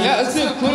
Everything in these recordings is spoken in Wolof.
يزكو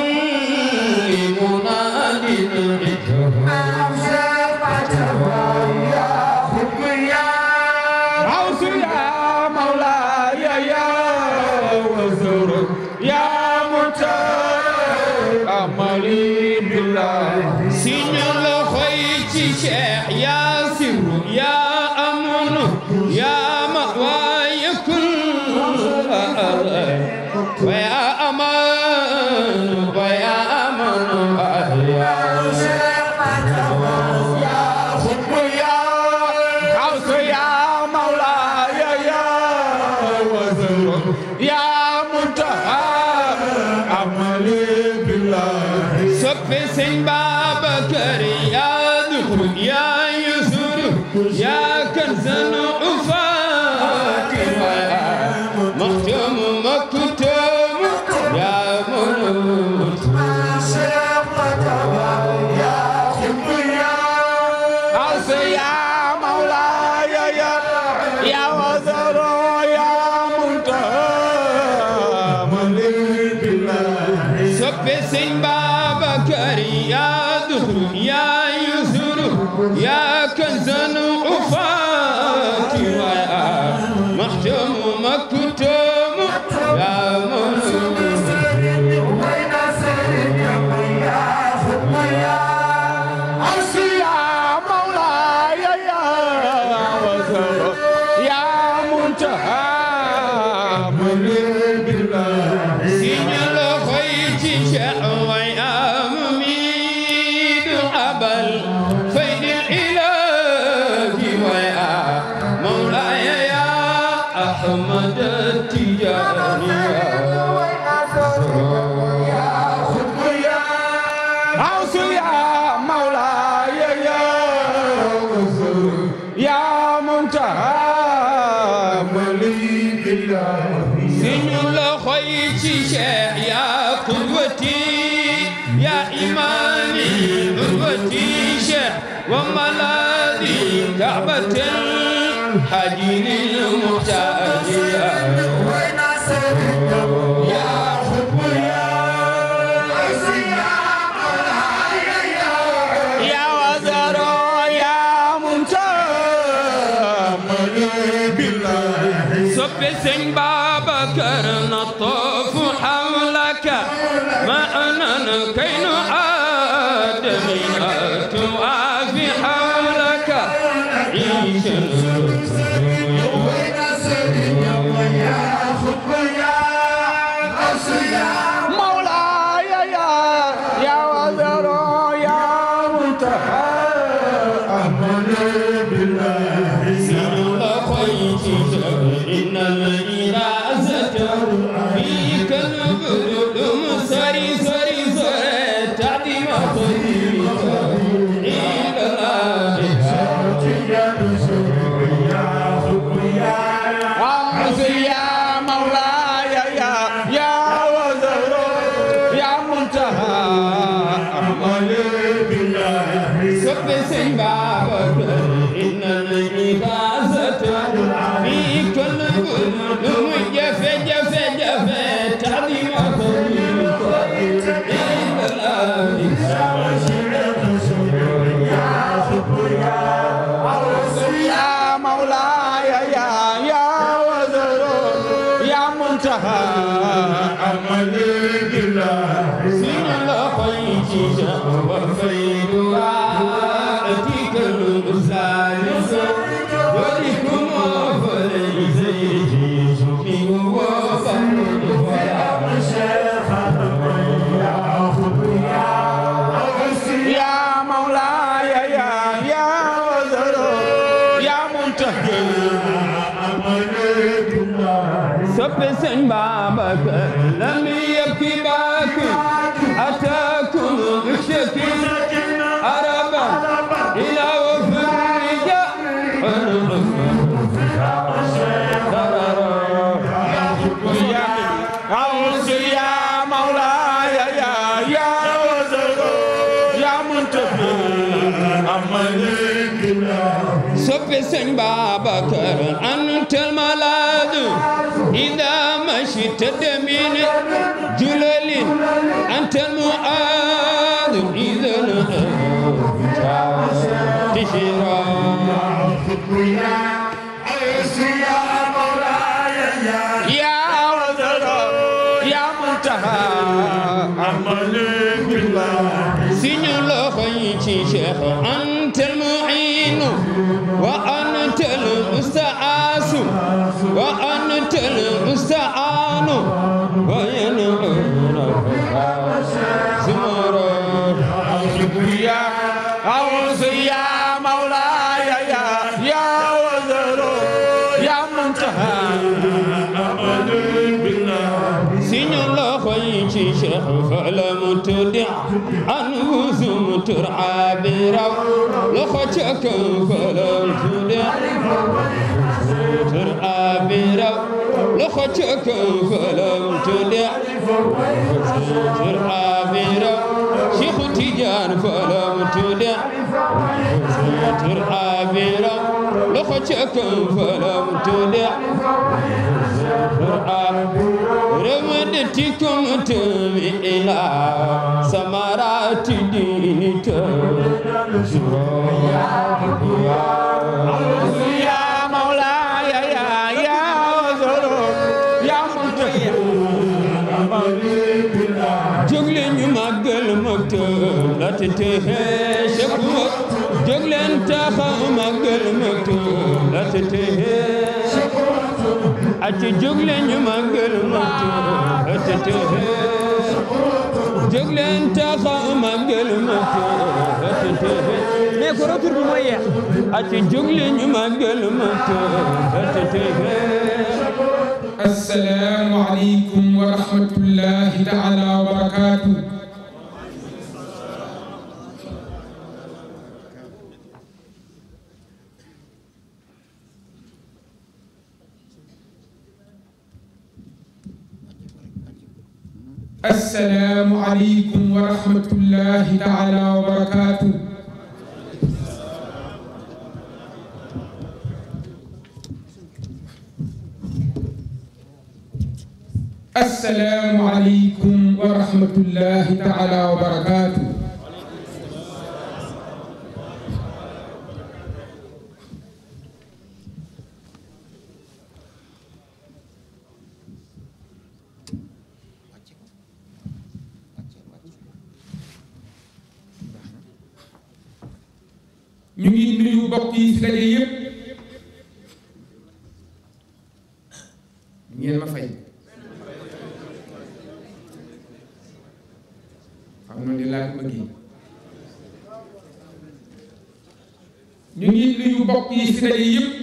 Brasilia امتد من جلال أنت المؤاد إذا نهى تشرع كوف الجود ستر أبيرا لخوت كوف الجود ستر أبيرا شيخ تيجان فلم تودع ستر أبيرا loxo ci këmpalam tëdde Qur'an remede tikkum tëmi ila samarati dini tëmi acca jóg leen ñu màggal jóg leen taxa màggal mais ko retour bi mooy yeex acca jóg leen ñu màggal assalaamu aleykum wa rahmatullahi taala wa barakaatuh assalaamu aleykum wa rahmatullahi taala wa barakaatu assalaamu aleykum wa rahmatullahi taala wa barakaatu ñu ngi nuyu mbokk yi fi daje yëpp ngeen ma fay xam noonu di laa ko ñu ngi nuyu mbokk yi fi daje yëpp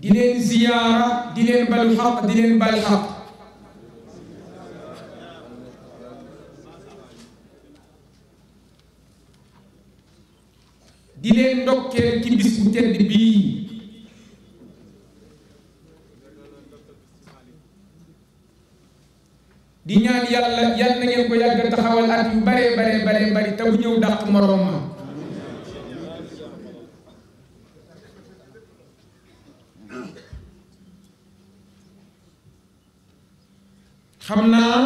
di leen ziyaara di leen bal xaq di leen bal xaq di leen ndokkeel bu tedd bii di ñaan yàlla yal na ngeen ko yàgg taxawal at yu bare bare bare bari te bu ñëw dàq moroom xam naa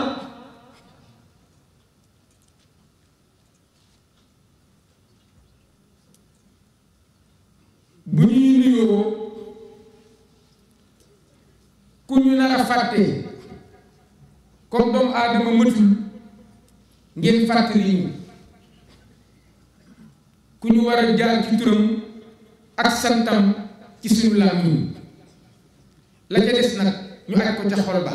ngeen fàttali ñu ku ñu war a jaar ci turam ak santam ci suñu làmmiñ la ca des nag ñu aj ko ca xol ba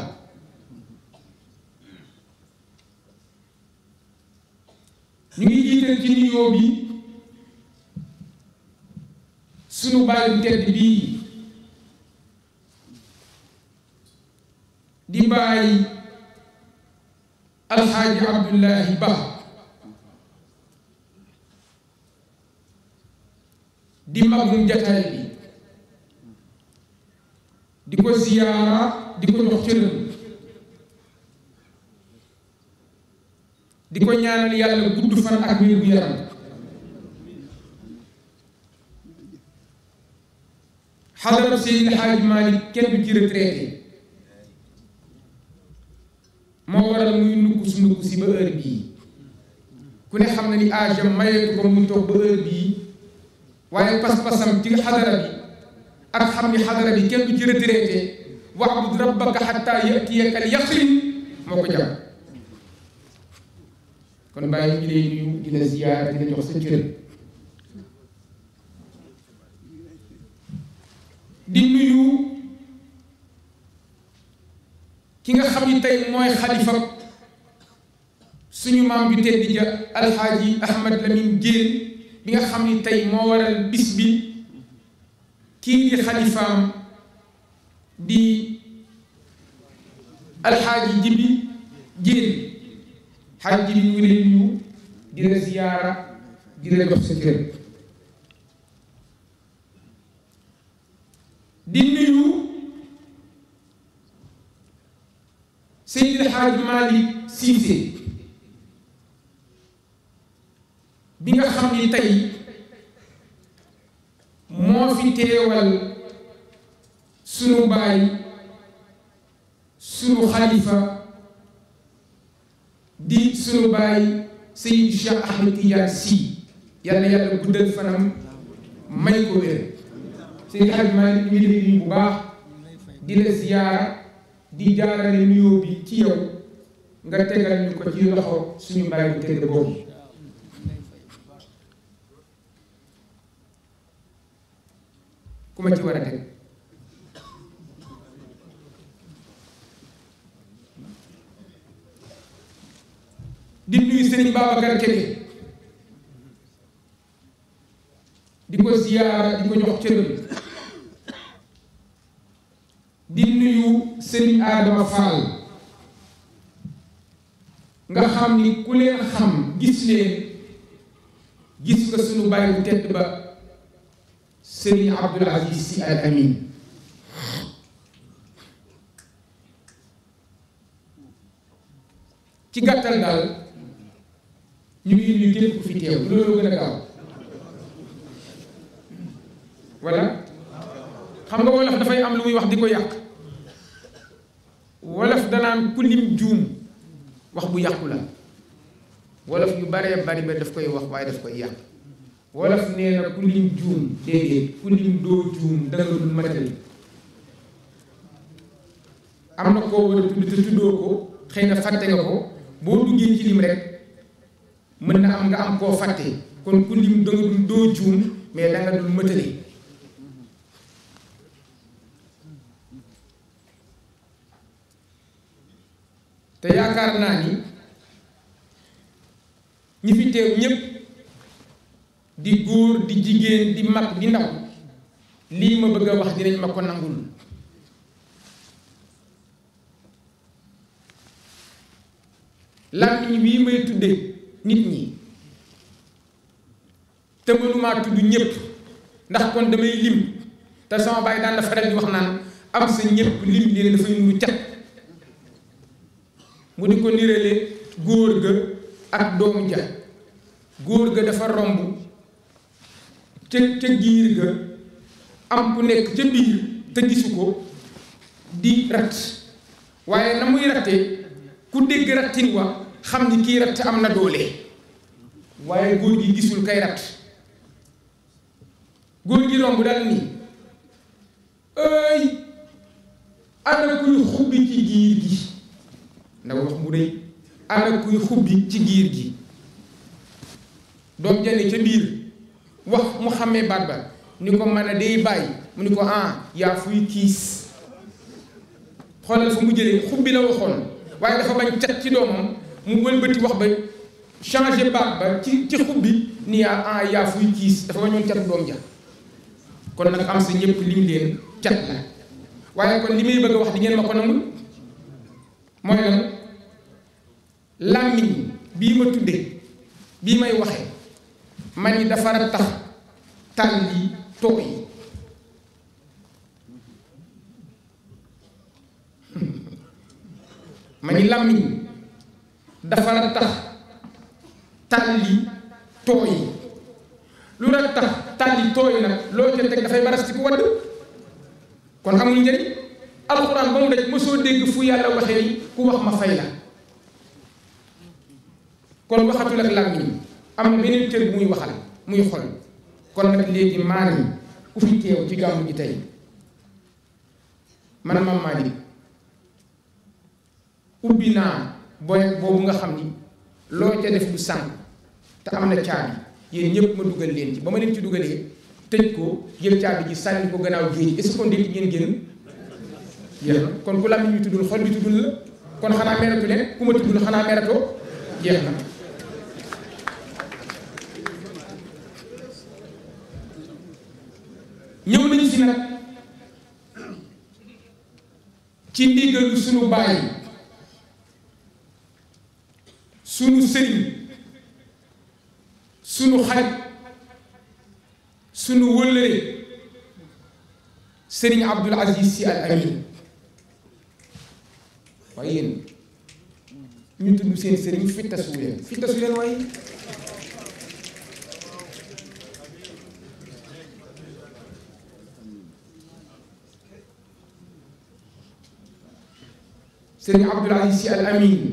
ñu ngi jiital ci nuyoo bi suñu bàyyi tedd bii di bàyyi alxaaji abdullahi ba di magum jataay bi di ko ziyaara di ko jox cëram di ko ñaanal yàlla gudd fan ak wér gu yaram xadara Seydi Xaaji Maalik kenn du ci retraité moo waral muy nugg su nugg si ba heure bii ku ne xam na ni âge mayeetu ko mu toog ba heure bii waaye pas-pasam xadara bi ak xam ni xadara bi kenn du ci retraité wa'bud rabbaka xatta yatiyaka al yaqin moo ko jàpp kon bàyyi ñu lay nuyu di la ziyaar jox sa cër di nuyu ki nga xam ni tey mooy xalifa suñu maam bi tedd ja alxaaji Ahmed Lamine Diène bi nga xam ni tey moo waral bis bi kii di xalifaam di alxaaji Jibi Diène xaaj bi ñu leen ñu di la ziyaara di la jox sa kër di nuyu Seydil Hadji Malick Cissé bi nga xam ni tey moo fi teewal sunu baay sunu xalifa di sunu baay Seydi Cheikh Ahmed Tidiane Sy yàlla yàlla guddal fanam may ko wér Seydi Hadji Malick ñu ngi lay bu baax di la ziyaara di jaarale nuyoo bi ci yow nga tegal ñu ko ci loxo suñu bàyyi bu tedd boobu ku ci war a teg di nuyu Serigne Babacar Kébé di ko ziyaara di ko jox cëram sëriñ Adama Fall nga xam ni ku leen xam gis leen gis nga suñu bàyyi tedd ba sëriñ Abdoul Aziz Sy Al Amine ci gàttal daal ñu ngi nuyu képp ku fi teew loolu gën a gaaw voilà xam nga wolof dafay am lu muy wax di ko yàq wolof danaan ku juum wax bu yàqu la wolof ñu bare bari ba daf koy wax waaye daf koy yàq wolof nee na ku juum déedéet ku lim doo juum danga dul matal am na koo war tuddoo ko xëy na fàtte nga ko boo duggee ci rek mën na am nga am koo fàtte kon ku lim danga dul doo juum mais danga dul mëtale te yaakaar naa ni ñi fi teew ñépp di góor di jigéen di mag di ndaw lii ma bëgg a wax dinañ ma ko nangul làmmiñ wii may tudde nit ñi te mënumaa tudd ñépp ndax kon damay lim te sama bàyyi daan la faral di wax naan am sa ñépp lim li dafay nuru cat mu di ko nirale góor ga ak doomu ja góor ga dafa romb ca ca giir ga am ku nekk ca biir te gisu ko di rat waaye na muy rattee ku dégg rattin wa xam ni kii ratt am na doole waaye góor gi gisul kay rat góor gi romb daal nii ay ana kuy xubbi ci giir gi ndax wax mu rëy ana kuy xubbi ci giir gi doom jane ca biir wax mu xàmmee baat ba ni ko mën a day bàyyi mu ni ko ah yaa fuy kiis xoolal fu mu jëlee xubbi la waxoon waaye dafa bañ cat ci doomam mu wëlbati wax ba changé baat ba ci ci xubbi ni yaa ah, ah yaa fuy kiis dafa bañoon cat doom ja kon nag am sa ñëpp lim leen cat la waaye kon li may bëgg a wax di ngeen ma ko nangul mooy lan làmmiñ bii ma tuddee bii may waxee man yi dafa tax tànn yi tooy yi ma ni làmmiñ dafa tax tàlli tooy yi lu la tax tàlli tooy nag loo ca teg dafay baras ci ku wadd kon amul njëriñ alxuraan ba mu daj soo dégg fu yàlla waxee ni ku wax ma fay la kon waxatul ak làmmiñ am na beneen cër bu muy waxal muy xol kon nag léegi maan yi ci gàmmu gi tey man Mame Malick ubbi naa boyet boobu nga xam ni loo ca def du sànq te am na caabi yéen ñëpp ma dugal leen ci ba ma leen ci dugalee tëj ko jël caabi ji sànni ko gannaaw géej est-ce que ngeen génn jeex na kon ku làmmiñ bi tuddul xol bi tuddul la kon xanaa meratu leen ku ma tuddul xanaa meratoo jeex na ñëw nañu si nag ci ndigalu sunu baay sunu sëriñ sunu xarit sunu wëllëre sëriñ Abdul Aziz Sy Al waaye yéen ñu tudd seen sëriñ fittasu leen fittasu leen waaye sëriñ Abdoul Aziz Sy Al Amine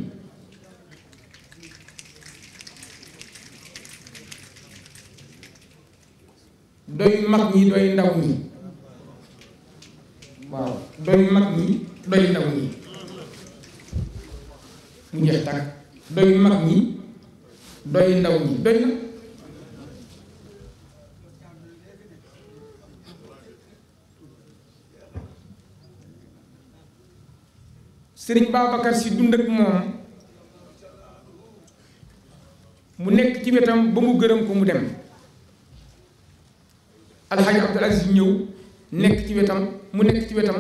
doy mag ñi doy ndaw ñi waaw doy mag ñi doy ndaw ñi mu jeex tàkk doy mag ñi doy ndaw ñi doy na sëriñ Babacar si dund ak moom mu nekk ci wetam ba mu gërëm ko mu dem alxaaji Abdul Aziz ñëw nekk ci wetam mu nekk ci wetam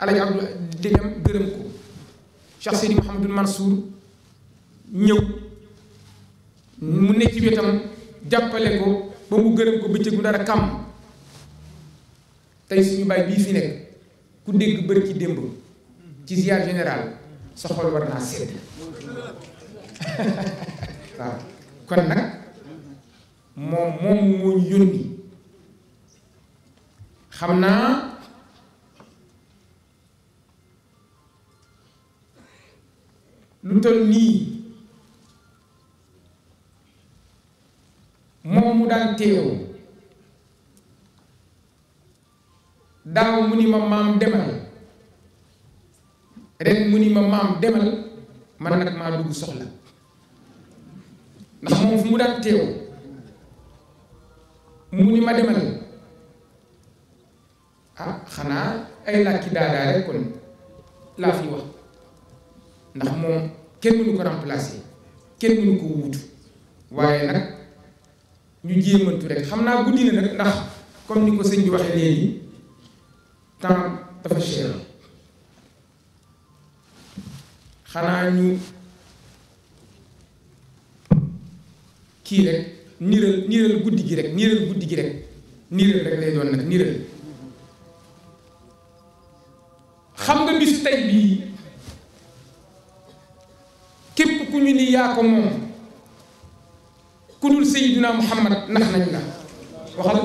alxaaji Abdul di dem gërëm ko Cheikh Seydi Mouhamadul Mansour ñëw mu ne ci wetam jàppale ko ba mu gërëm ko bëccëgu dara kàmm tey suñu baay bii fi nekk ku dégg bër ci démb ci ziar général sa xol war naa sedd waaw kon nag moom moom moo yónni xam naa lu toll nii moom mu daan teew daaw mu ni ma maam demal ren mu ni ma maam demal man nag maa dugg soxla ndax moom fu mu daan teew mu ni ma demal ah xanaa ay làkki daadaa rek kon laa fi wax ndax moom kenn mënu ko remplacer kenn mënu ko wuutu waaye nag ñu jéemantu rek xam naa guddi na nag ndax comme ni ko sëñ bi waxee léegi temps dafa cher xanaa ñu kii rek niiral niiral guddi gi rek niiral guddi gi rek niiral rek lay doon nag niiral xam nga bis tey bii ku ñu ni yaa ko moom ku dul Seydina Muhammad nax nañ la waxal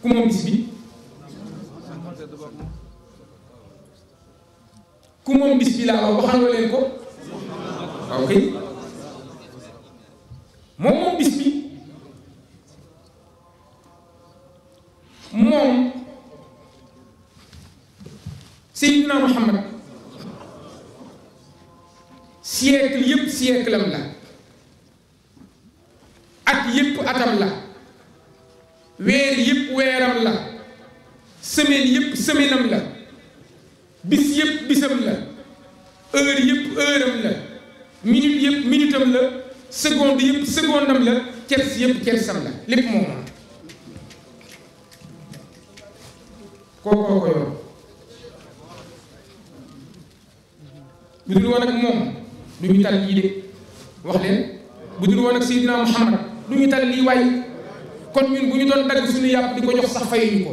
ku moom bis bi ku moom bis bi laa waxal nga leen ko waaw moom moom bis bi moom Seydina Muhammad siècle am la at yépp atam la weer yépp weeram la semaine yépp semaine am la bis yépp bisam la heure yépp heure am la minute yépp minute am la seconde yépp seconde am la tiers yépp tiersam la lépp moom kon bu ñu doon dagg suñu yàpp di ko jox sax fayuñu ko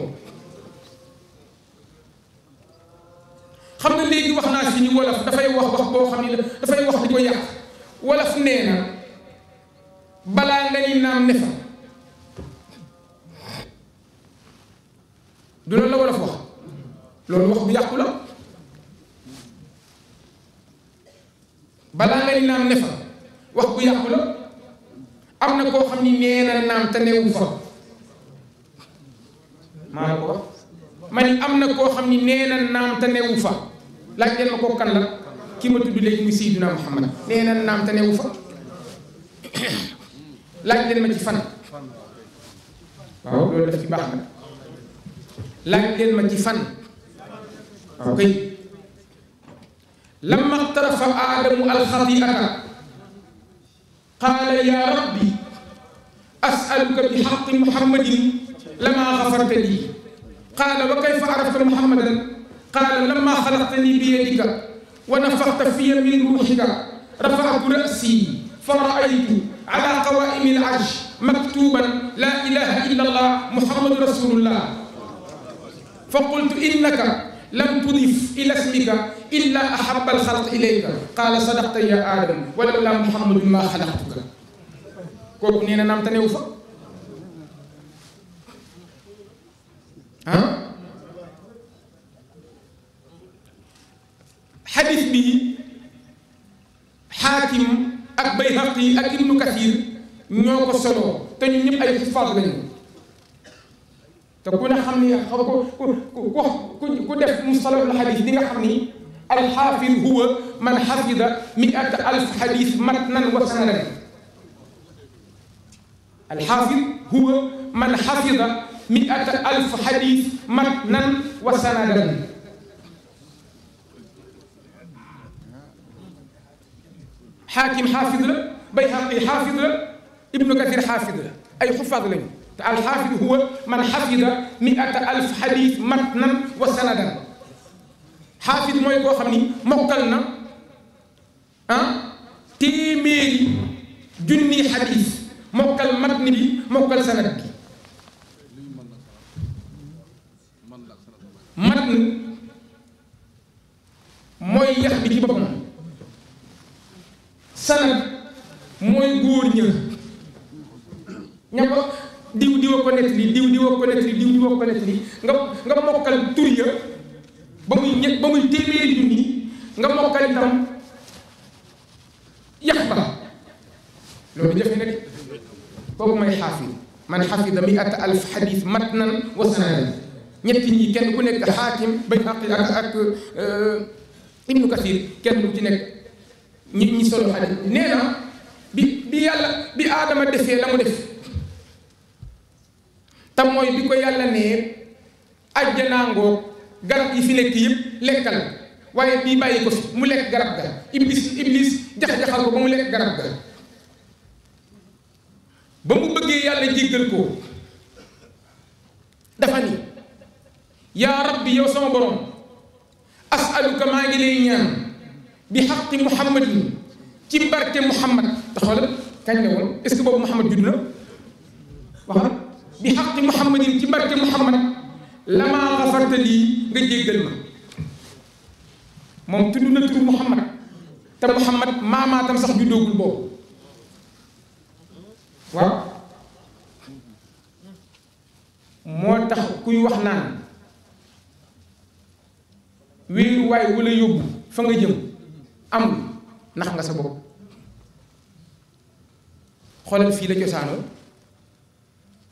xam na léegi wax naa si ñu wolof dafay wax wax boo xam ne dafay wax di ko yàq wolof nee na balaa nga ni naam ne fa du loolu la wolof wax bu yàqu la balaa nga ni naam ne fa wax bu yàqu la am na koo xam ne nee na naam te newu fa tudd léegi muy Seydina Muhammad nee na naam te newu fa laaj leen ma ci fan waaw loolu daf ci baax na laaj leen ma ci fan waaw kay lamma ixtarafa aadamu alxatiata qaala ya rabbi asaluka bi xaqi muhammadin lama xafarta lii qaala wa kayfa arafta muhammadan qaala lamma xalaqtani bi yadika ونفخت في من روحك رفعت رأسي فرأيت على قوائم العرش مكتوبا لا إله إلا الله محمد رسول الله فقلت إنك لم تضف إلى اسمك إلا أحب الخلق إليك قال صدقت يا آدم ولولا محمد ما خلقتك كوك نينا نام تنيوفا ها xadis bi xaakim ak bayhaqi ak ibnu kathir ñoo ko solo te ñu ñëpp ay xiffaat lañu te ku ne xam ni xaw ko ku ku ku def mustalahul xadis di nga xam ni alxaafid huwa man xafida miata alf xadis matnan wa sanadan alxaafid huwa man xafida miata alf xadis matnan wa sanadan xaakim xaafid la bayhaqi xaafid la ibnu kathir xaafid la ay xufaat lañu te alxaafid huwa man xafida miata alf xadis matnan wa sanadan xaafid mooy koo xam ni mokkal na ah téeméeri junni xadis mokkal matni bi mokkal sanad bi sanad mooy góor ña ña ko diw diwa ko nett li diw diwa ko nett li ko nett li nga nga mokkal tur ya ba muy ñett ba muy téeméeri junni nga mokkal itam yax ba loolu jafe na de kooku may xaafid man xafida mi alf xadis matnan wa sanadan ñetti ñi kenn ku nekk xaakim bay xaqi ak ak euh, ibnu kasir kenn ku ci nekk nit ñi solo xadis nee na bi bi yàlla bi aadama defee la mu def te mooy bi ko yàlla nee ajjanaangoo garab yi fi nekk yëpp lekkal waaye bii bàyyi ko fi mu lekk garab ga iblis iblis jax-jaxal ko ba mu lekk garab ga ba mu bëggee yàlla jéggal ko dafa ni yaa rabbi yow sama borom asaluka maa ngi lay ñaan bi xaqi muhammadin ci barke muhammad taxawal kañ la woon est-ce que boobu muhammad judd na wax na bi xaqi muhammadin ci barke muhammad lamaa xafarta lii nga jéggal ma moom tudd na tur muhammad te muhammad maamaatam sax juddoogul boobu waaw moo tax kuy wax naan wéeruwaay wala yóbbu fa nga jëm amul nax nga sa bopp xoolal fii la cosaanoo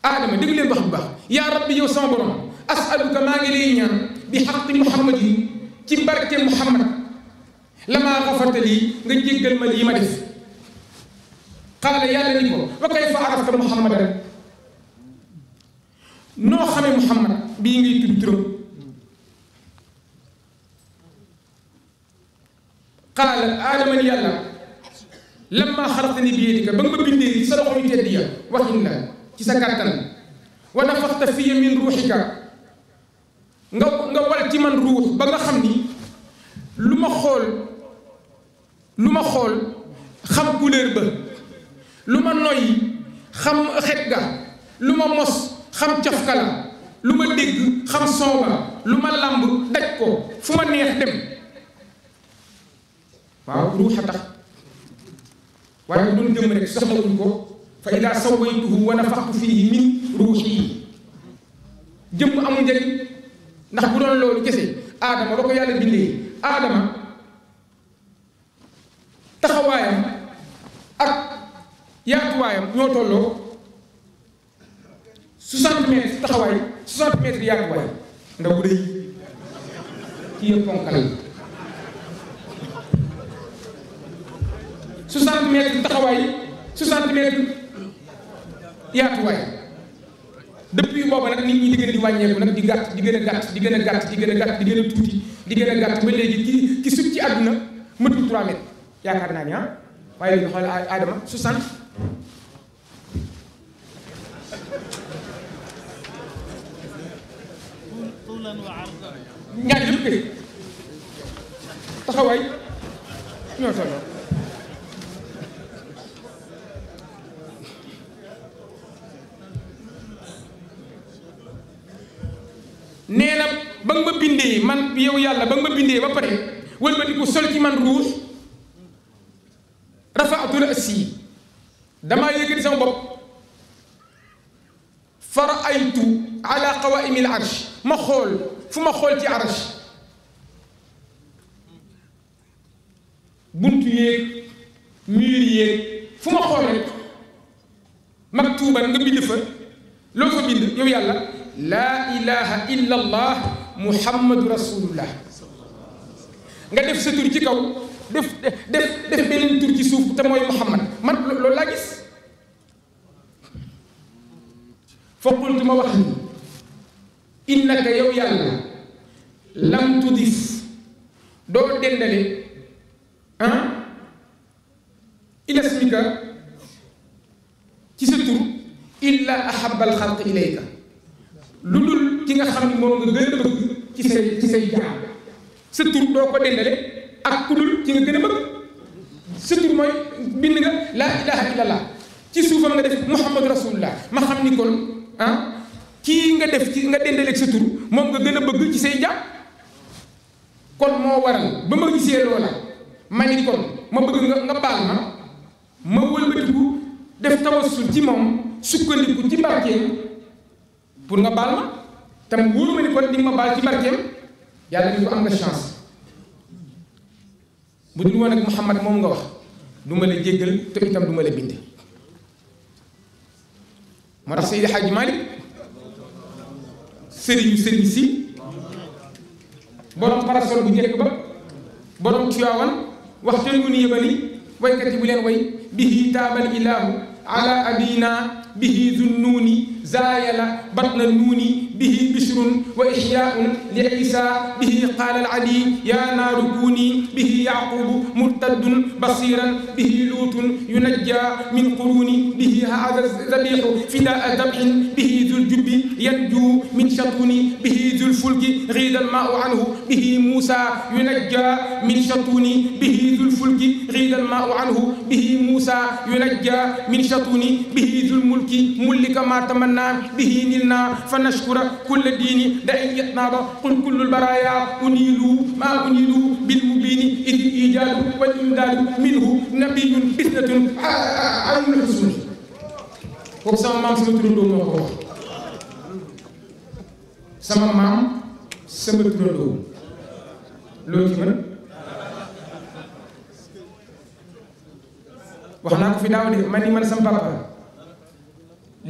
aadama dégg leen wax bu baax yaa rabbi yow sama borom asaluka maa ngi lay ñaan bi xaqi muhammad yi ci barke muhammad la maa lii nga jéggal ma lii ma def xaala yàlla ni ko wa kayfa arafta muhammad rek noo xamee muhammad bii ngay tudd turam qaala aadama li yàlla lamma xalaqtani bi yadika ba nga ma bindee sa loxo yu tedd ya waxin la ci sa kàttan wa nafaxta fiya min ruuxika nga nga wal ci man ruux ba nga xam ni lu ma xool lu ma xool xam couleur ba lu ma noyyi xam xet ga lu ma mos xam cafka la lu ma dégg xam son lu ma làmb daj ko fu ma neex dem waaw ruuxa tax waaye bu doon jëm rek soxlawuñ ko fa ida sawaytuhu wa nafaxtu fiihi min ruuxi jëmm amul njëriñ ndax bu doon loolu kese aadama ba ko yàlla bindee aadama taxawaayam ak yaatuwaayam ñoo tolloo 60 mètres taxawaay 60 mètres yaatuwaay ndax bu dee kii yëpp ponkal 60 mètres taxawaay 60 mètres yaatuwaay depuis booba nag nit ñi di gën a di wàññeeku nag di gàtt di gën a gàtt di gën a gàtt di gën a gàtt di gën a tuuti di gën a gàtt ba léegi ki ki sut ci àdduna mëtul 3 mètres yaakaar naa ni ah waaye léegi xool Adama 60 ñaar yëpp kay taxawaay ñoo tolloo nee na ba nga ma bindee man yow yàlla ba nga ma bindee ba pare wëlbatiku sol ci man rouge rafaatul asii damaa yëkkati sama bopp fa raaytu ala qawaimil arsh ma xool fu ma xool ci arsh buntu yéeg mur yéeg fu ma xool rek maktuuban nga bind fa loo fa bind yàlla laa ilaha illa allah muhammadu rasulullah nga def sa tur ci kaw def def def beneen tur ci suuf te mooy muhammad man loolu laa gis fa qultu ma wax ni innaka yow yàlla lam tudif doo dendale ah ilasmika ci sa tur illa ahabal xalq ilayka lu dul ki nga xam ni moom nga gën a bëgg ci say ci say jaam sa tur doo ko dendale ak ku dul ki nga gën a bëgg sa tur mooy bind nga laa ilaha illallah ci suufam nga def muhammad rasulullah ma xam ni kon ah, kii nga def ci nga dendale sa tur moom nga gën a bëgg ci say jaam kon moo waral ba ma gisee loola ma ni kon ma bëgg nga nga baal ma ma wëlbatiku def tawassul ci moom sukkandiku ci barkeem pour nga baal ma tam wóolu ma ni kon di ma baal ci barkeem yàlla ni ko am nga chance bu dul woon ak Muhammad moom nga wax du ma la jéggal te itam du ma la bind moo tax Seydi Hadji Malick sëriñu sëriñ si borom parasol bu njëkk ba borom Tiwaawan wax te mu ni yëbali waykat yi bu leen way bihi taabal ilaahu ala abina bihi zunnuuni zaayala batna nuuni bihi bishrun wa ihyaun li isa bihi qaala alali ya naaru kuuni bihi yaqubu murtaddun basiran bihi luutun yunajja min quruni bihi haada zabihu fidaa dabhin bihi zuljubbi yanju min shatuni bihi zulfulki ghiida almaau anhu bihi muusa yunajja min shatuni bihi zulfulki ghiida almaau anhu bihi muusa yunajja min shatuni bihi zulmulki mullika ma tamanna bihi nilna fa nashkura kulla diini da in yatnaaba qul kullul baraaya uniilu maa uniilu bil mubiini id ijaadu wal imdaadu minhu nabiyun isnatun amul usuli kooku sama maam sama turandoo moo ko wax sama maam sama turandoo loolu ci mën wax naa ko fi daaw de man ni man sama papa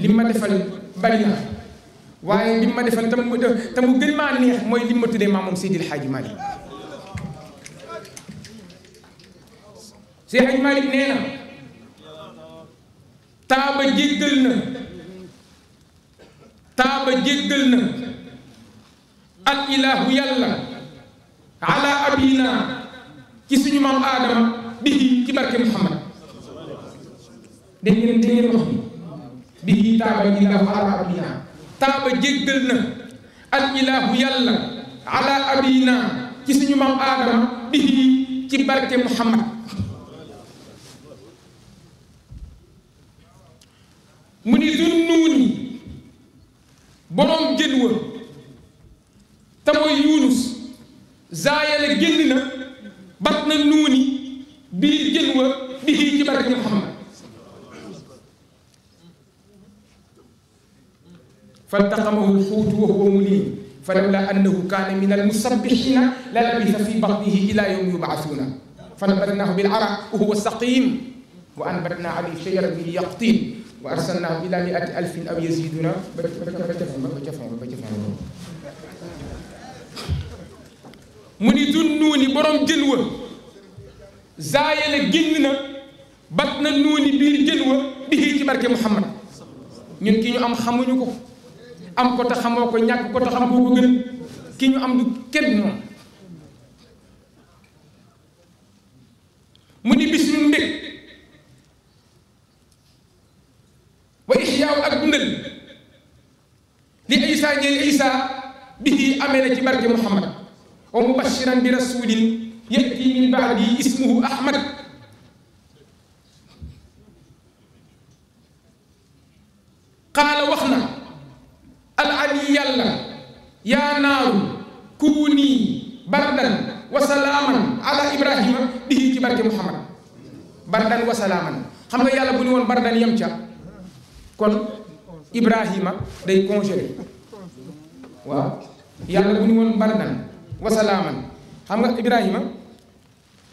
li ma defal bari na waaye lim ma defal tam te mu gën maa neex mooy lim ma tuddee maamam Seydil Hadji Malick Seydil Hadji Malick taaba jéggal na al ilahu yàlla abina ci suñu maam aadama bihi ci barke Muhammad dégg ngeen dégg ngeen wax bi bihi taaba ilahu ala abina taaba jéggal na al ilaahu yàlla ala abina ci suñu maam aadama bihi ci barke muhammad mu ni zunnuuni boroom jën wa te yunus zaayale génn na bat nuuni biir jën bihi ci barke muhammad فالتقمه الحوت وهو مليم فلولا أنه كان من المسبحين للبث في بطنه إلى يوم يبعثون فنبذناه بالعرق وهو سقيم وأنبتنا عليه شجرة من يقطين وأرسلناه إلى مئة ألف أو يزيدون mu ni dun nuuni borom jën wa zaaye la génn na bat na nuuni biir jën wa di ci barke Muhammad ñun ki ñu am xamuñu ko am ko te xamoo ko ñàkk ko te xam koo ki ñu am du kenn moom mu ni bis ñu wa ixyaaw ak dundal li isa ñeel isa bihi amee na ci barke muhammad wa mubashiran bi rasulin yati min baadi ismuhu ahmad qaala wax na al ali yàlla yaa naaru kuuni bardan wa salaaman ala ibrahima bihi ci muhammad bardan wa xam nga yàlla bu ñu woon bardan yem ca kon ibrahima day congelé waaw yàlla bu ñu woon bardan wa xam nga ibrahima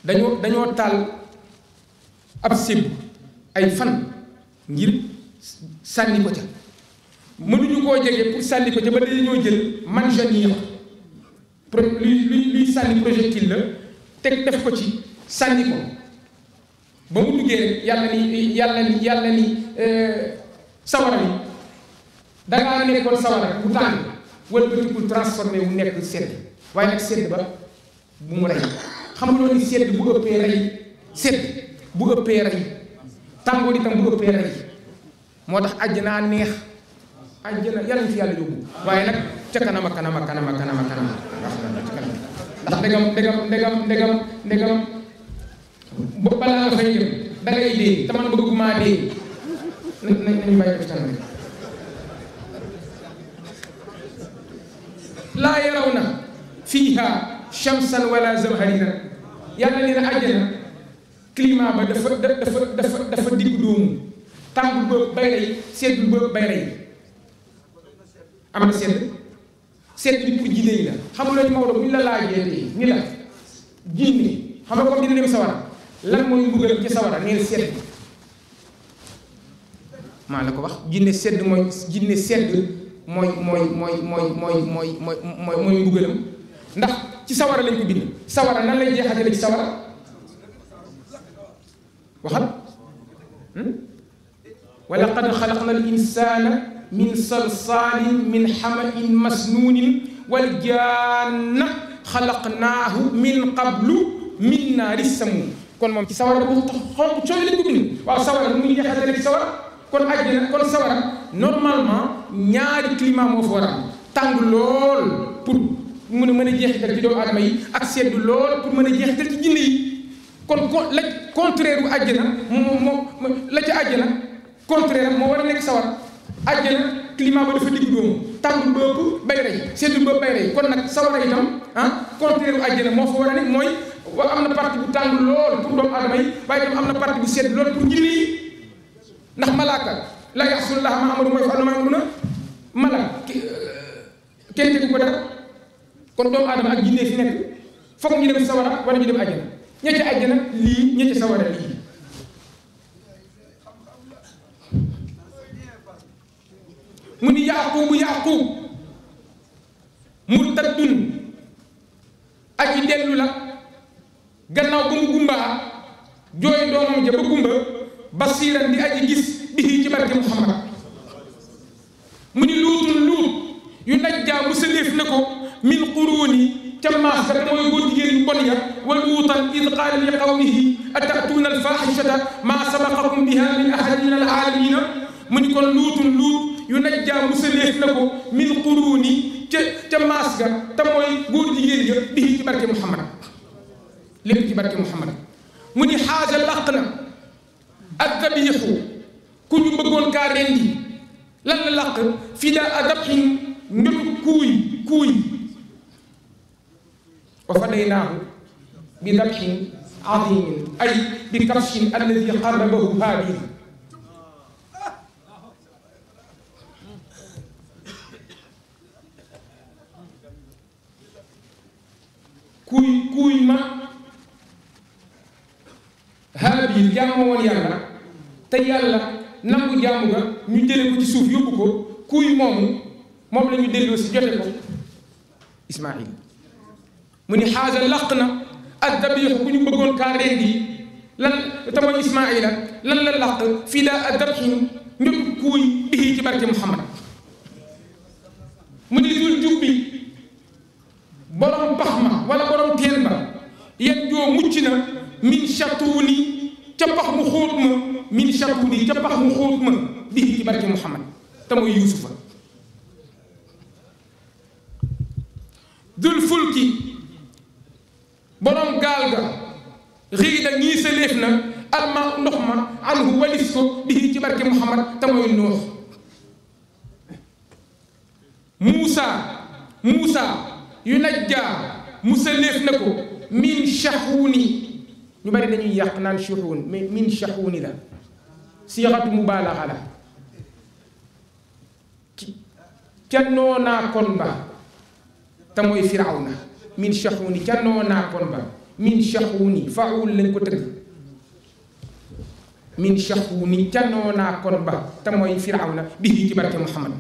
dañoo dañoo taal ab sib ay fan ngir sànni ko ca mënuñu koo jege pour sànni ko ca ba dañoo jël manjonnière pro luy luy luy sànni projectile la teg def ko ci sànni ko ba mu duggee rek yàlla ni yàlla ni yàlla ni euh, sawara yi dangaa nekkoon sawara bu tàng wëlbatikul transformé wu nekk sedd waaye nag sedd ba bu mu rey xam nga ni sedd bu ëppee rey sedd bu ëppee rey tàngoor itam bu ëppee rey moo tax àjjanaa neex àjjana yàlla ñu fi yàlla yóbbu waaye nag ca kanama kanama kanama kanama kanama ndax ndegam ndegam laa yaraw na fiiha shamsan wala zamharira yàlla nee na àjjana climat ba dafa dafa dafa doomu tàng boobu bay rey sedd boobu amana seet seet bi pour jinne yi la xamuloo ñu Maodo bu ñu la laajee nii ni la jinne xam nga comme dina dem sawara lan mooy mbugal ci sawara neen sedd maa la ko wax jinne sedd mooy jinne sedd mooy mooy mooy mooy mooy mooy mooy mooy mooy mbugalam ndax ci sawara lañ ko bind sawara nan lay jeexatale ci sawara waxal hmm? wala qad xalaqna al insana min salsaalin min xamain masnuunin wal jaanna xalaqnaahu min qablu min naari samuum kon moom ci sawara bu xonq coono lañ ko bind waaw sawara mu ngi jeexal rek sawara kon àjjana kon sawara normalement ñaari climat moo fa war a am tàng lool pour mun a mën a jeexital ci doomu aadama yi ak sedd lool pour mën a jeexital ci yi kon kon la contraire bu àjjana moo moo la ca contraire moo war a nekk sawara àjjana climat ba dafa digg dóomu tànn ba ëpp bay rey seddu ba bay rey kon nag sawara itam ah contraire àjjana moo fa war a nekk mooy wa am na partie bu tàng lool pour doomu aadama yi waaye itam am na partie bu sedd lool pour njinne yi ndax malaaka la yasullaha ma amadu mooy fa alama mun a mala euh, kenn tegu ko dara kon doomu aadama ak jinne fi nekk foog ñu dem sawara wala ñu dem àjjana ña ca àjjana lii ña ca sawara lii mu ni yaaquubu yaaquub murtaddun aji dellu la gannaaw ba mu gumbaa jooy doomam ja ba gumba basiiran di aji gis bihi ci barke muhammad mu ni luutun luut yu najjaa mu sëleef na ko min quruuni ca maas ka mooy góor jigéen yu wa luutan id qaala li qawmihi atatuuna alfaxishata maa sabaqakum biha min ahadin al aalamina mu ni kon luutun luut yu najjaa musaleef na ko min quruuni ca ca maas ga te mooy góor jigéen ga bii ci barke Muhammad lépp ci barke Muhammad mu ni xaaja làq na ak dabixu ku ñu bëggoon kaa rendi lan la làq fii daa a dabxin njot kuuy kuuy wa fadaynaahu bi dabxin azimin ay bi kabshin alladi xarrabahu haadihi kuy kuy ma Haabil jaamu woon yàlla te yàlla nangu jaamu ga ñu jële ko ci suuf yóbbu ko kuy moomu moom la ñu delloo si jote ko Ismaayil mu ni xaaja laq na ak dabixu bu ñu bëggoon kaa reen gi lan te mooy lan la laq fii la ak dabxi njot kuuy dixi ci barke Muhammad borom pax ma wala borom teen ba yet joo mucc na min chatuuni ca pax mu xóot ma min chatuuni ca pax mu xóot ma di ci barke Muhammad te mooy Yuusufa Muusa Muusa yu najjaa musalleef na ko min shahuni ñu bari dañuy yàq naan shuhun mais min shahuni la siixatu mubaalaxa la ca noonaa kon ba te mooy firawna min shahuni ca noonaa kon ba min shahuni faawul lañ ko tëgg min ca Muhammad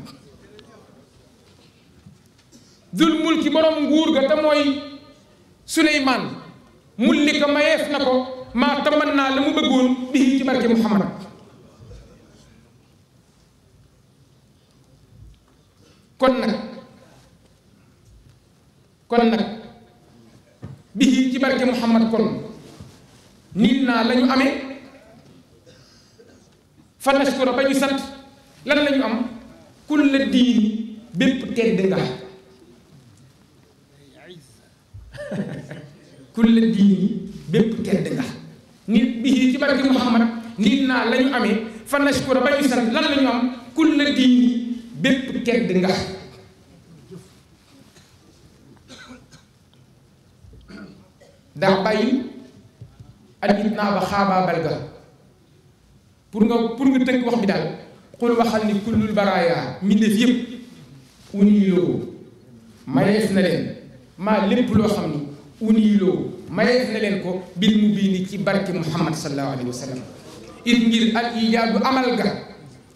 dul mulki borom nguur ga te mooy Suleymaan mulli ko mayeef na ko maa taman naa la mu bëggoon bii ci barke Muhammad kon nag kon nag nit naa la amee fanashkura ba ñu sant lan la ñu am kulla diini bépp tedd nga kulla diini bépp tedd nga nit bii ci barke Muhammad nit naa lañu ñu amee fan la shukura a ñu sant lan la ñu am kulla diini bépp tedd nga daa bàyyi addit naa ba xaabaabal ga pour nga pour nga tënk wax bi daal xul waxal ni kullul baraaya mbindeef yëpp uniiloo mayees na leen maa lépp loo xam ni uniiloo mayeef na leen ko bil mu bii ni ci barke muhammad sallallahu alayhi wa sallam it ngir ak yi jaadu amal ga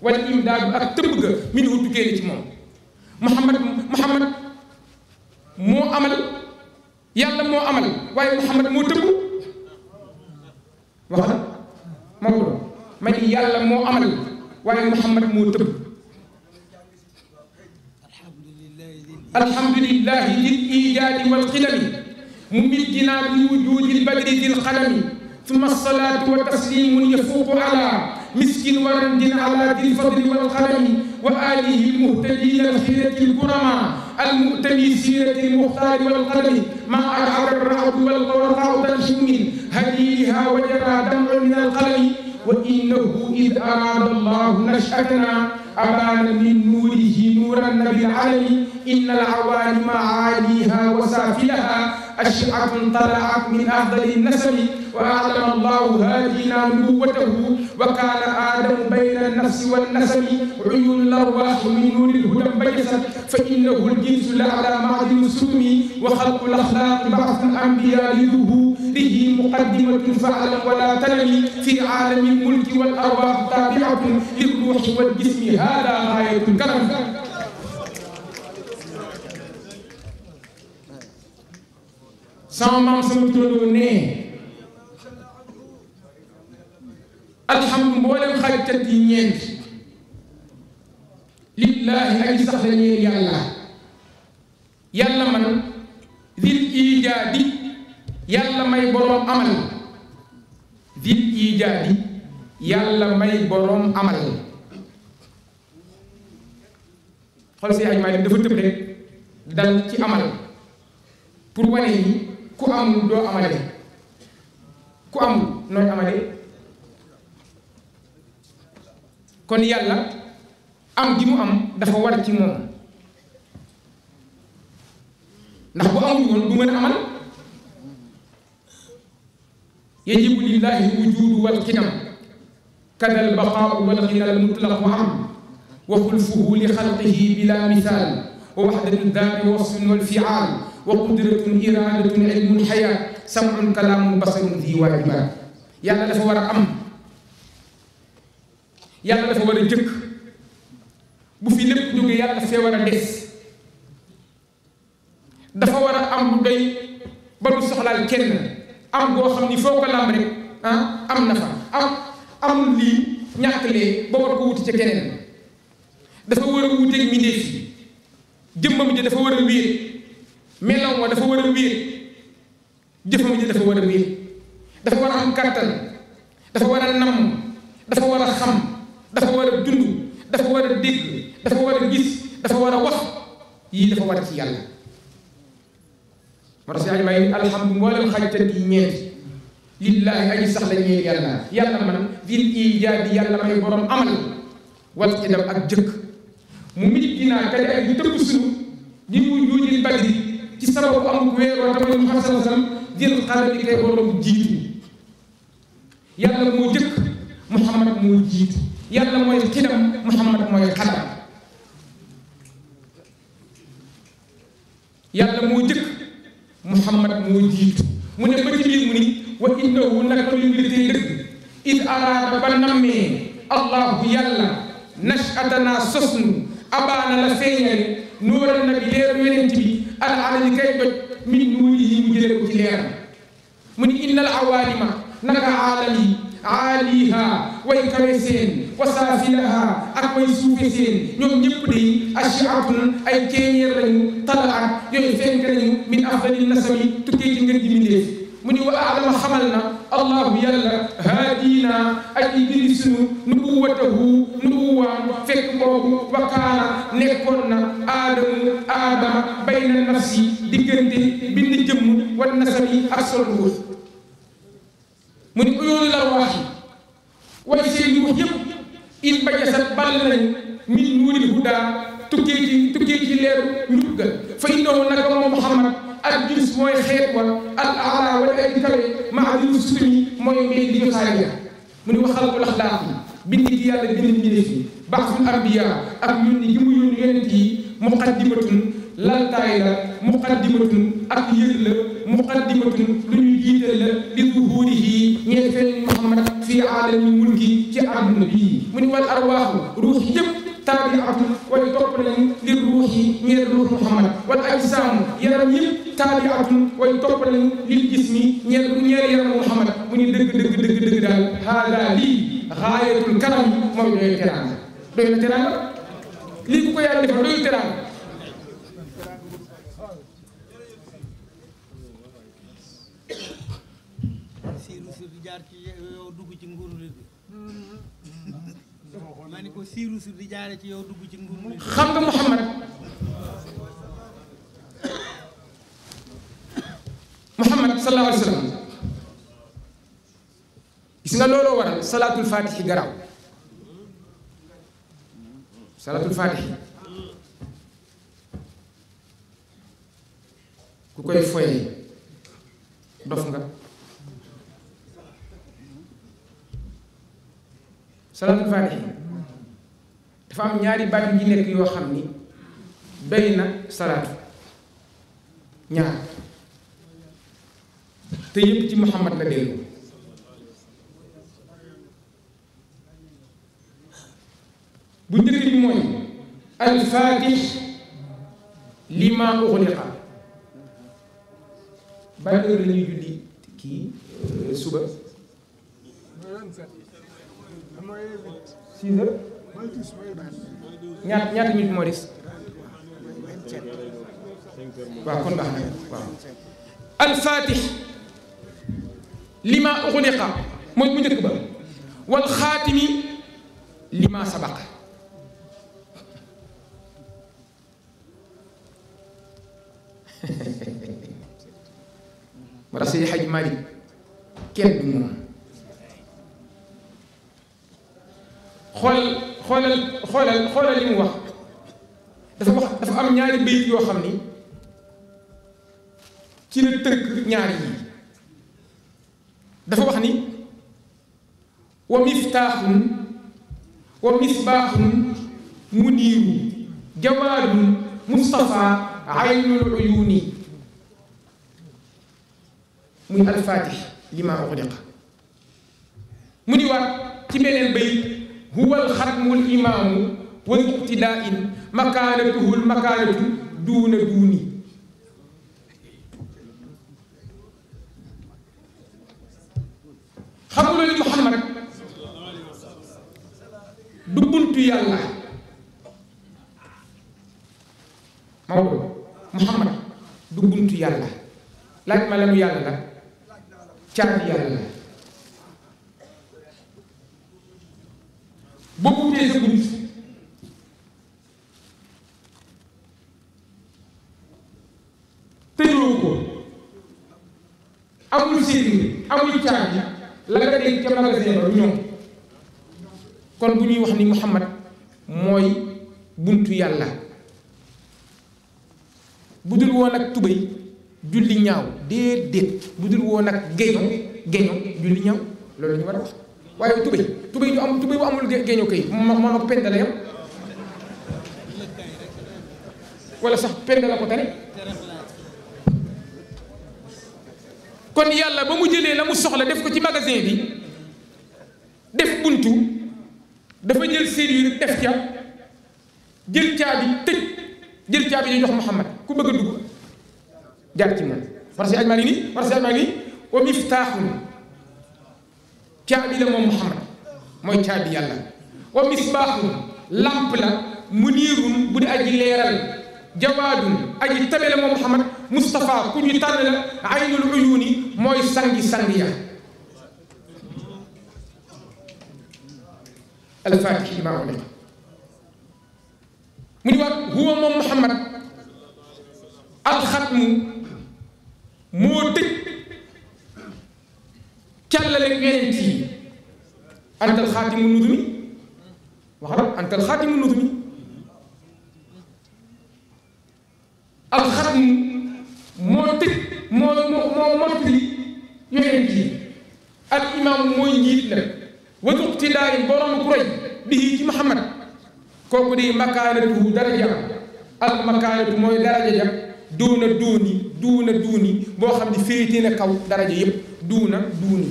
wala im daadu ak tëbb ga mi ngi tukkee ci moo amal yàlla moo amal waaye muhammad moo tëbb wax na ma man yàlla moo amal waaye muhammad moo tëbb alhamdulillahi lil ijaadi wal xidami mumidinaa bi wujuudi lbadri dil xalami ثم الصلاة وتسليم يفوق على مسك ورد على ذي الفضل والقلم وآله المهتدين الخيرة الكرماء المؤتمي سيرة المختار والقدم ما أشعر الرعد والغرقاء تنشم من هديها وجرى دمع من القلم وإنه إذ أراد الله نشأتنا أبان من نوره نورا نبي العالمين إن العوالم عاليها وسافلها أشعب طلع من أفضل النسب وأعلم الله هادينا نبوته وكان آدم بين النفس والنسب عيون الأرواح من نور الهدى انبجست فإنه الجنس لعلى معدن السم وخلق الأخلاق بعث الأنبياء لظهوره مقدمة فاعلم ولا تلمي في عالم الملك والأرواح تابعة للروح والجسم هذا غاية الكرم sama maam sama turandoo nee alhamdu mboolem xaritat yi ñeent lillaahi ay sax la ñeel yàlla yàlla man dil ijaadi yàlla may boroom amal dil ijaadi yàlla may boroom amal xool si ay maa dafa tëb rek dal ci amal pour wane yi ku amul doo amale ku amul nooy amale kon yàlla am gi mu am dafa war ci moom ndax bu amul woon du mën a amal yajibu lillahi wujudu wal qidam kadal baqaau wal ginal mutlaq wa am wa xulfuhu xalqihi bila misaal wa waxdatu daami wasfin wal fiaal wa qudratun iradatun ilmun xayaat sam'un kalaamun basarun di waajibaat yàlla dafa war a am yàlla dafa war a jëkk bu fi lépp jógee yàlla fee war a des dafa war a am lu doy ba am xam ni foo ah, am na fa am am ba war ko wuti ca keneen dafa war a wuteeg mbindéef yi jëmmam ji dafa war a wéet meloom wa dafa war a wéet jëfam ji dafa war a wéet dafa war a am kàttan dafa war a namm dafa war a xam dafa war a dund dafa war a dégg dafa war a gis dafa war a wax yii dafa war a ci yàlla moo tax si aj may alhamdu mboolem xajtat yi ñeenti lillaahi aji sax la ñeel yàlla yàlla man vil ijaadi yàlla may borom amal wat idam ak jëkk mu mit dinaa kadi ay tëpp sunu li mu juujil badri ci sama bopp amul weeroo tamit mu xam sama sam jël xale bi kay borom jiitu yàlla moo jëkk Muhammad moo jiitu yàlla mooy xidam Muhammad mooy xadam yàlla moo jëkk Muhammad moo jiitu mu ne ba ci biir mu ni wa innahu naka lu mbir tey dëgg a araada ba nammee allahu yàlla nashatanaa sosnu abaana la feeñale nooral na bi leeru yonent bi ana ana ñi kay doj min nuuri yi mu jëlee ko leeram mu ni innal awaalima naka aalal yi aaliha way kawe seen wa saafilaha ak way suufe seen ñoom ñëpp day ashiatun ay ceeñeer lañu talaat yooyu fenk lañu min afdali nasabi tukkee ci ngën mu ni wa alama xamal na allahu yàlla haadina aji diri sunu nubuwatahu nubuwaam fekk boobu wakaana nekkoon na aadamu aadama bayna nafsi diggante bind jëmm wan nasabi ak solduwul mu ni uyoonu larwaax yi waaye seen yuux yëpp il bajasat ball nañu min nuuril hudaa tukkee ci tukkee ci leeru njub ga fa innahu naka moom Muhammad al jins mooy xeet wa al ala wala ay kawe maa li suñu mooy mbay li ñu saaya mu ni waxal ko lax laaf yi bind gi yàlla bind mbindeef yi baaxul ambiya ak yónni gi mu yónni yonent yi muqaddimatun laltaay la muqaddimatun ak yëg la muqaddimatun lu ñuy jiital la li zuhurihi ñee feeñ Muhammad fii aalami mulki ci àdduna bii mu ni wal arwaaxu ruux yëpp taabiatun way topp nañ li ruuxi ngir ruux Muhammad wal ajsaamu yaram yëpp taabiatun way topp lañ lil jismi ñeel ñeel yaram Muhammad mu ni dëgg dëgg dëgg dëgg daal haada lii xaayatul karam mooy doy teraanga doy na teraanga lii ku ko yàlla defal doy teraanga xam nga Mouhamad Mouhamad sallallahu alayhi xam sallam gis nga looloo waral salaatul faatihi garaaw salaatul faatihi ku koy foyee dof nga salaatul faatihi dafa am ñaari baat yi nekk yoo xam ni bay na salaatu ñaar te yépp ci Muhammad la dellu bu njëkk bi mooy alfaatix lima uxliqa ban heure la ñuy euh, suba ñaata ñaata nit moo kon baax na lima uxliqa mooy bu njëkk ba wal xaatimi lima sabaq xoolal xoolal xoolal li mu wax dafa wax dafa am ñaari bayit yoo xam ni ci la tënk ñaari yi dafa wax ni wa miftaaxun wa misbaaxun muniiru jawaadun mustafaa aynul uyuuni muy alfaatix li maa uxliqa mu ni waat ci beneen bayit huwa alxatmu alimaamu wal ibtidaai makaanatuhu almakaanatu duuna duuni xamuloo ni Muhammad du buntu yàlla Maodo Muhammad du buntu yàlla laaj ma la mu yàlla la caat boobu tey sa bunt tëjoo ko amul séeréer amul caabi la nga dégg ca magasin ba du ñoom kon bu ñuy wax ni Muhammad mooy buntu yàlla bu dul woon ak tubéy julli ñaaw déedéet bu dul woon ak géño géño julli ñaaw loolu ñu war a wax waaye tubéy tubéy ju am tubéy bu amul géeñoo kay moom ak la yam wala sax penda la ko tane kon yàlla ba mu jëlee la mu soxla def ko ci magasin bi def buntu dafa jël serrure def ca jël caabi tëj jël caabi yi jox Muhammad ku bëgg a dugg jaar ci moom. parce que ajmaa ngi nii parce que ajmaa ngi nii wa miftaaxun caabi la moom Muhammad mooy caabi yàlla wa misbaaxun làmp la muniirun bu di aji leeral jawaadun aji tabe la moom Muhammad Moustapha ku ñu tànn la aynul uyuuni mooy sangi sangi ya alfaatihi maa ulay mu ni waat huwa moom Muhammad alxatmu moo tëj càllaleeg yeneen yi antal xaatimu nuut mi waxal antal xaatimu nuut mi alxatmu moo tëj moo moo mottali yeneen yi al imaam mooy njiit la wa iqtidaay borom ku roy bii ci Muhammad kooku di makaanatu daraja al makaanatu mooy daraja ja doona dooni duuna duuni boo xam ne féete na kaw daraja yépp duuna duuni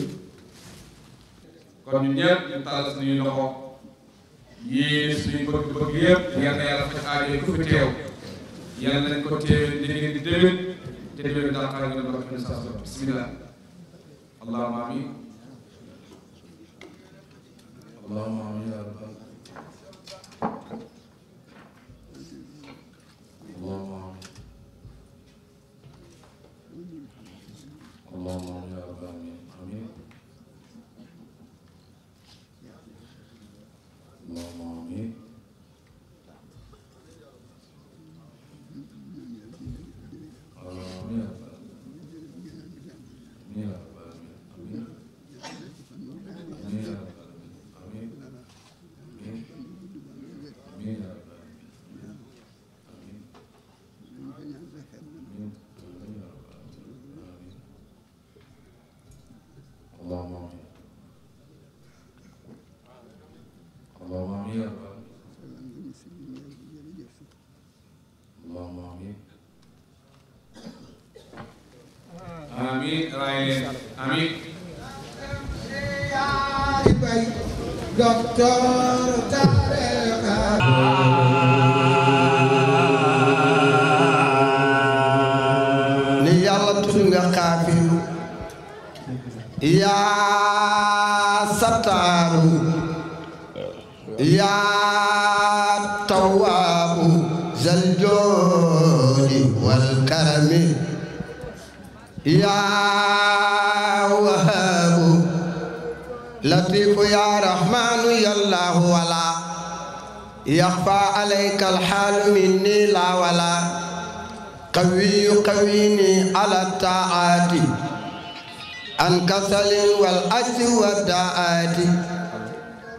kon ñun ñëpp ñu tàll suñuy loxo yéen suñu bëgg-bëgg yëpp yal na yàlla faj aajo ku fi teew yal nañ ko teewee di ngeen di déwén te déwén daa xaar ngeen dox ñu sax bismillah allahumma amin allahumma amin رمضان يا رب العالمين آمين raay leen amiin docteur li yàlla tudd nga xaafiru yaa sataaru yaa tawaabu zal joodi wal karami yaa يخفى عليك الحال مني لا ولا قوي قويني على الطاعات عن كسل والأجر والداعات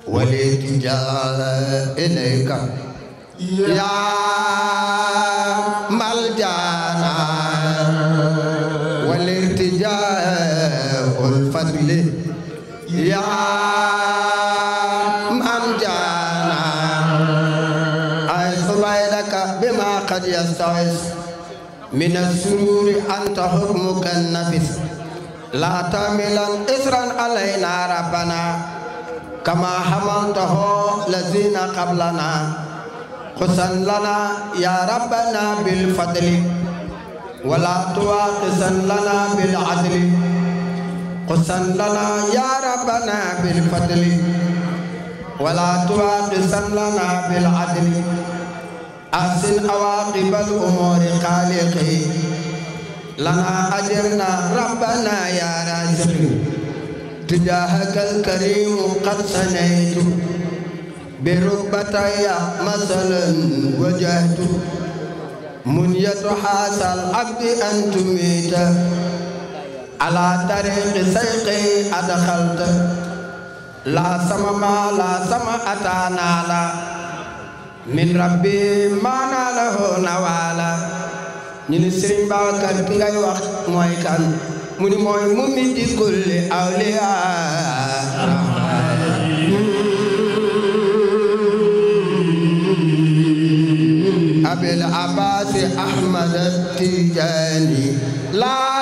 والالتجاء إليك يا ملجانا والالتجاء الفضل يا من السرور أن تحكمك النفس لا تعملا إسرا علينا ربنا كما حملته الذين قبلنا خسن لنا يا ربنا بالفضل ولا تواقسن لنا بالعدل خسن لنا يا ربنا بالفضل ولا تواقسن لنا بالعدل أحسن عواقب الأمور خالقي لنا أجرنا ربنا يا رازق تجاهك الكريم قد سنيت بركبتي مثلا وجهت منية حاسى العبد أن تميت على طريق سيقي أدخلت لا سما ما لا سما أتانا لا min rabbi maanaa la hoo nawaala ñu ni sëriñ Babacar ki ngay wax mooy kan mu ni mooy mu mi di kulli awliyaa abil abbasi ahmad tijaani laa